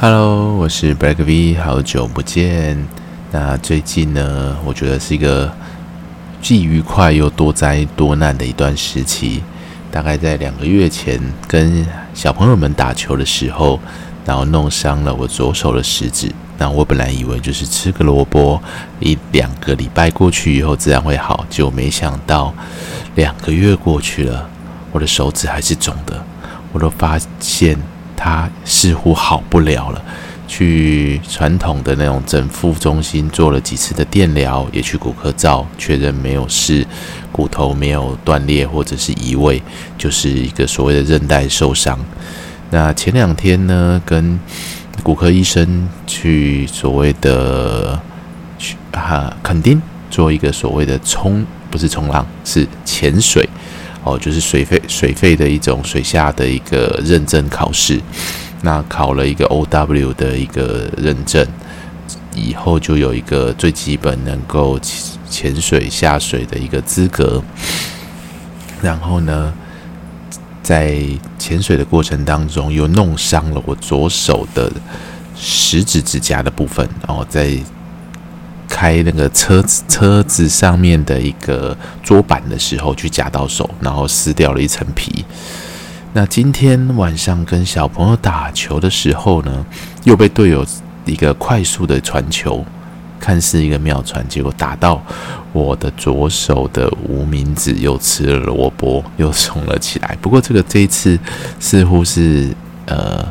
Hello，我是 BlackV，好久不見。那最近呢，我覺得是一個既愉快又多災多難的一段時期。大概在兩個月前，跟小朋友們打球的時候，然後弄傷了我左手的食指。那我本來以為就是吃個蘿蔔，一兩個禮拜過去以後自然會好，結果沒想到兩個月過去了，我的手指還是腫的，我都發現。他似乎好不了了，去傳統的那種整復中心做了幾次的電療，也去骨科照確認沒有事，骨頭沒有斷裂或者是移位，就是一個所謂的韌帶受傷。那前兩天呢，跟骨科醫生去所謂的去啊墾丁做一個所謂的衝，不是衝浪，是潛水。哦，就是水肺水肺的一種水下的一個認證考試，那考了一個 OW 的一個認證，以後就有一個最基本能夠潛水下水的一個資格。然後呢，在潛水的過程當中，又弄傷了我左手的食指指甲的部分，然後，哦，在。開那個車子，車子上面的一個桌板的時候，去夾到手，然後撕掉了一層皮。那今天晚上跟小朋友打球的時候呢，又被隊友一個快速的傳球，看似一個妙傳，結果打到我的左手的無名指，又吃了蘿蔔又腫了起來。不過這個這一次似乎是呃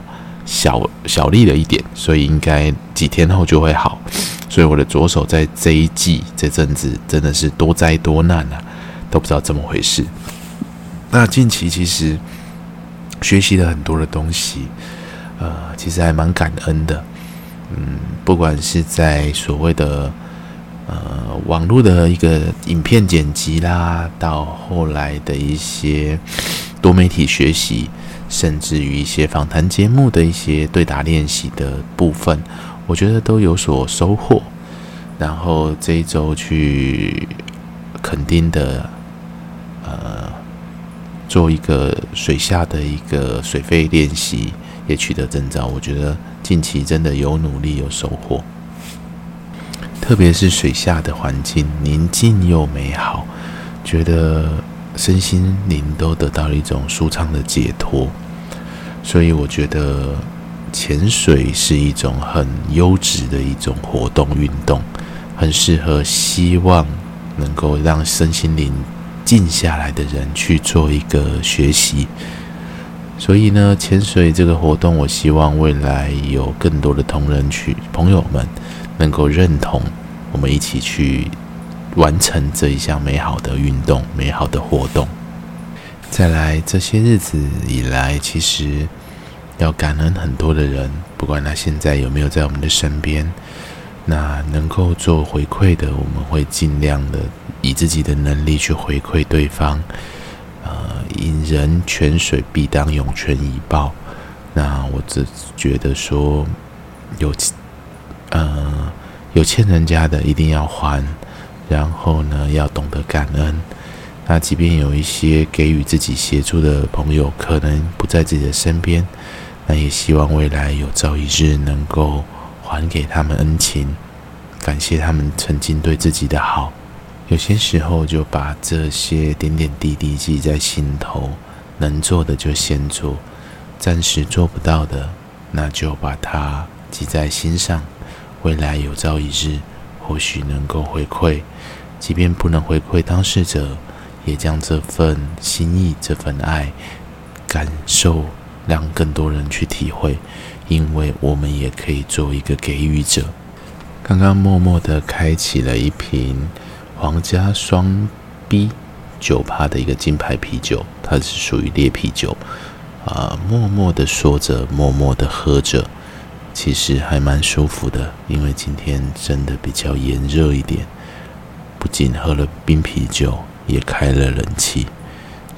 小小力了一點，所以應該幾天後就會好。所以我的左手在這一季這陣子真的是多災多難啊，都不知道怎麼回事。那近期其實學習了很多的東西，呃，其實還蠻感恩的。嗯，不管是在所謂的呃網絡的一個影片剪輯啦，到後來的一些多媒體學習，甚至於一些訪談節目的一些對答練習的部分，我覺得都有所收穫。然後這一周去墾丁的，呃，做一個水下的一個水肺練習，也取得證照，我覺得近期真的有努力有收穫，特別是水下的環境寧靜又美好，覺得身心靈都得到一種舒暢的解脫。所以我覺得潛水是一種很優質的一種活動運動。很適合，希望能夠讓身心靈靜下來的人去做一個學習。所以呢，潛水這個活動，我希望未來有更多的同人、去朋友們能夠認同，我們一起去完成這一項美好的運動、美好的活動。再來，這些日子以來，其實要感恩很多的人，不管他現在有沒有在我們的身邊。那能夠做回饋的，我們會盡量的以自己的能力去回饋對方。呃，引人泉水，必當湧泉以報。那我只覺得說，有，呃，有欠人家的一定要還，然後呢，要懂得感恩。那即便有一些給予自己協助的朋友，可能不在自己的身邊，那也希望未來有朝一日能夠。還給他們恩情，感謝他們曾經對自己的好。有些時候就把這些點點滴滴記在心頭，能做的就先做，暫時做不到的，那就把它記在心上。未來有朝一日，或許能夠回饋，即便不能回饋當事者，也將這份心意、這份愛感受。讓更多人去體會，因為我們也可以做一個給予者。剛剛默默的開啟了一瓶皇家雙 B 酒趴的一個金牌啤酒，它是屬於烈啤酒啊、呃。默默的說着，默默的喝着，其實還蠻舒服的，因為今天真的比較炎熱一點。不僅喝了冰啤酒，也開了冷氣。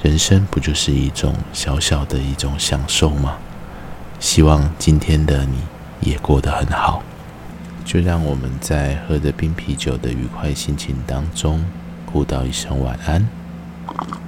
人生不就是一種小小的一種享受嗎？希望今天的你也過得很好。就讓我們在喝着冰啤酒的愉快心情當中，互道一聲晚安。